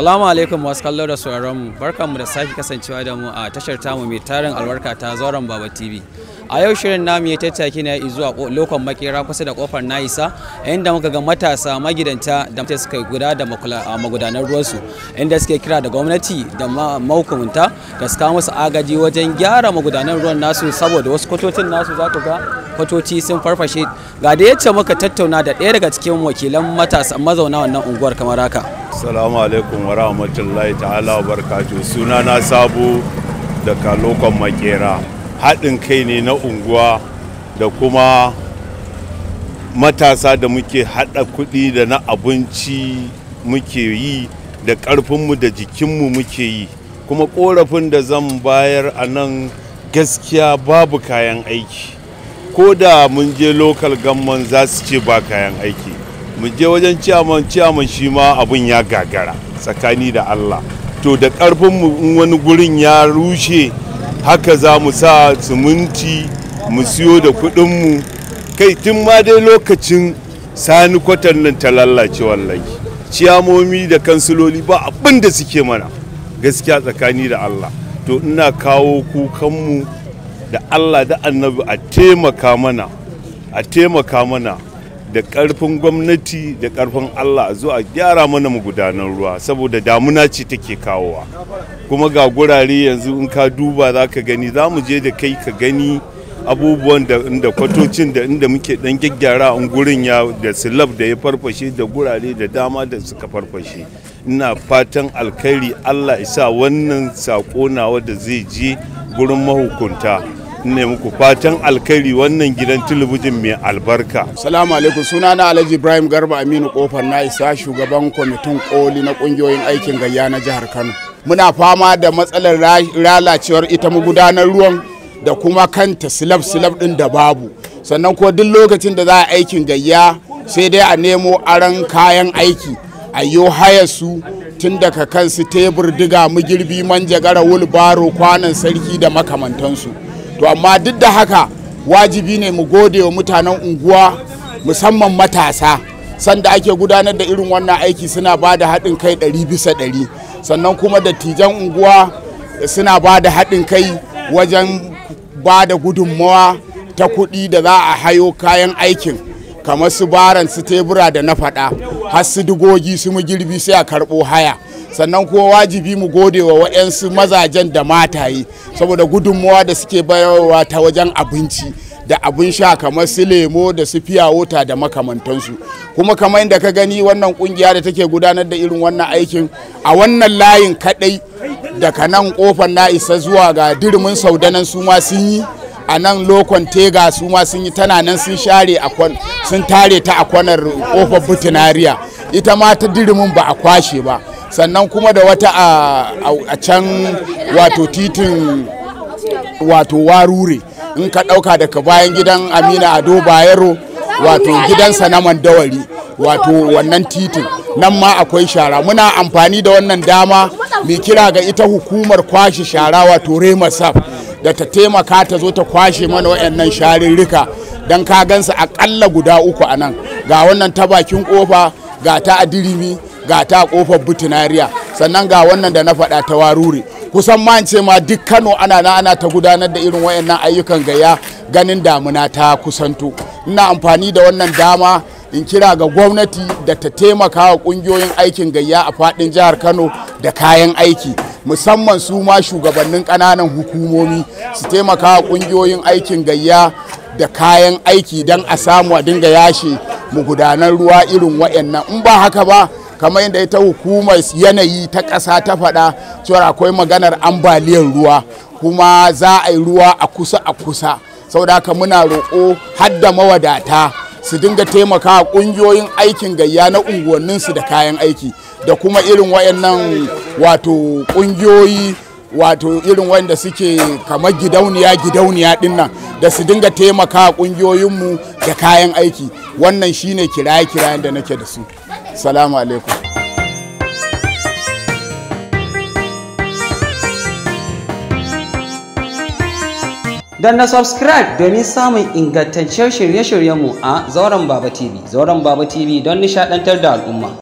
Salamu alaikum masu kallo da barkan mu da sake kasancewa da mu a tashar tamu mai tarin albarka ta zauren Baba TV. A yau shirin namu ya tattaki na zuwa lokon makera kusa da kofar Naisa inda muka ga matasa magidanta da mata suka guda da magudanar ruwansu inda suke kira da gwamnati da mahukumta da suka musu agaji wajen gyara magudanar ruwan nasu saboda wasu kwatocin nasu za ku ga kwatoci sun farfashe ga da yacce muka tattauna da ɗaya daga cikin wakilan matasa mazauna wannan unguwar kamar haka. Salamu alaikum wa rahmatullahi ta'ala wa barkatu suna na sabu da kalokon makera haɗin kai ne na unguwa da kuma matasa da muke haɗa kuɗi da na abinci muke yi da ƙarfinmu da jikinmu muke yi kuma ƙorafin da zan bayar a nan gaskiya babu kayan aiki ko da mun je lokal gamman za su ce ba kayan aiki mu je wajen ciyaman ciyaman shi ma abin ya gagara tsakani da allah to da ƙarfinmu in wani gurin ya rushe haka za mu sa siminti mu siyo da mu kai tun ma dai lokacin sani kwatan nan ta lallace wallahi ciyamomi da kansiloli ba abin da suke mana gaskiya tsakani da allah to ina kawo kukan mu da allah da annabi a taimaka mana a taimaka mana da karfin gwamnati da karfin Allah zuwa gyara mana magudanan ruwa saboda damuna ce take kawowa kuma ga gurare yanzu in ka duba za ka gani za mu je da kai ka gani abubuwan da inda kwatocin da inda muke dan gyaggyara a gurin ya da silab da ya farfashe da gurare da dama da suka farfashe ina fatan alkhairi Allah isa wannan sako nawa da zai je gurin mahukunta ne muku fatan alkhairi wannan gidan talabijin mai albarka. Salamu alaikum sunana Alhaji Ibrahim Garba Aminu Kofar na isa shugaban kwamitin koli na kungiyoyin aikin gayya na jihar Kano. Muna fama da matsalar lalacewar ita magudanar ruwan da kuma kanta silaf silaf din da babu. Sannan ko duk lokacin da za a aikin gayya sai dai a nemo aran kayan aiki a yi haya su tun daga kansu tebur diga mu mugirbi manjagara wulbaro kwanan sarki da makamantansu. to amma duk da haka wajibi ne mu gode wa mutanen unguwa musamman matasa sanda ake gudanar da irin wannan aiki suna ba da haɗin kai ɗari bisa ɗari sannan kuma dattijan unguwa suna ba da haɗin kai wajen ba da gudunmawa ta kuɗi da za a hayo kayan aikin kamar su baran su tebura da na faɗa har su digogi su mu girbi sai a karɓo haya sannan kuma wajibi mu gode wa waɗansu mazajen da yi saboda gudunmawa da suke bayarwa ta wajen abinci da abin sha kamar su lemo da su fiya wota da makamantansu kuma kamar inda ka gani wannan kungiya da take gudanar da irin wannan aikin a wannan layin kadai daga nan kofar na isa zuwa ga dirimin saudanan su ma sun yi a nan lokon tega su ma sun yi tana nan sun share sun tare ta a kwanar kofar butinariya ita ma ta dirimin ba a kwashe ba sannan kuma da wata a can wato titin wato warure in ka ɗauka daga bayan gidan amina ado bayero wato gidansa na mandawari wato wannan titin nan ma akwai shara muna amfani da wannan dama mai kira ga ita hukumar kwashe shara wato remasaf da ta taimaka ta zo ta kwashe mana wayannan sharirrika don ka gansa akalla guda uku a nan ga wannan ta bakin kofa ga ta adirimi ga ta kofar butinariya sannan ga wannan da na faɗa ta warure kusan ma ce ma duk kano ana na ana ta gudanar da irin wayannan ayyukan gayya ganin damuna ta kusanto ina amfani da wannan dama in kira ga gwamnati da ta taimaka wa kungiyoyin aikin gayya a fadin jihar kano da kayan aiki musamman su ma shugabannin kananan hukumomi su taimaka wa kungiyoyin aikin gayya da kayan aiki don a samu a dinga yashe mu gudanar ruwa irin wayannan in ba haka ba kamar yadda ita hukumar yanayi ta ƙasa ta faɗa cewa akwai maganar ambaliyar ruwa kuma za a yi ruwa a kusa a kusa saboda haka muna roƙo hadda mawadata su dinga taimaka ƙungiyoyin aikin gayya na unguwanninsu da kayan aiki da kuma irin wayannan wato ƙungiyoyi wato irin wanda suke kamar gidauniya gidauniya dinnan da su dinga taimaka ƙungiyoyinmu da kayan aiki wannan shine kiraye-kirayen da nake da su salamu alaikum dan na subscribe domin samun ingantaccen shirye-shiryenmu a zauren baba tv zauren baba tv don nishadantar da al'umma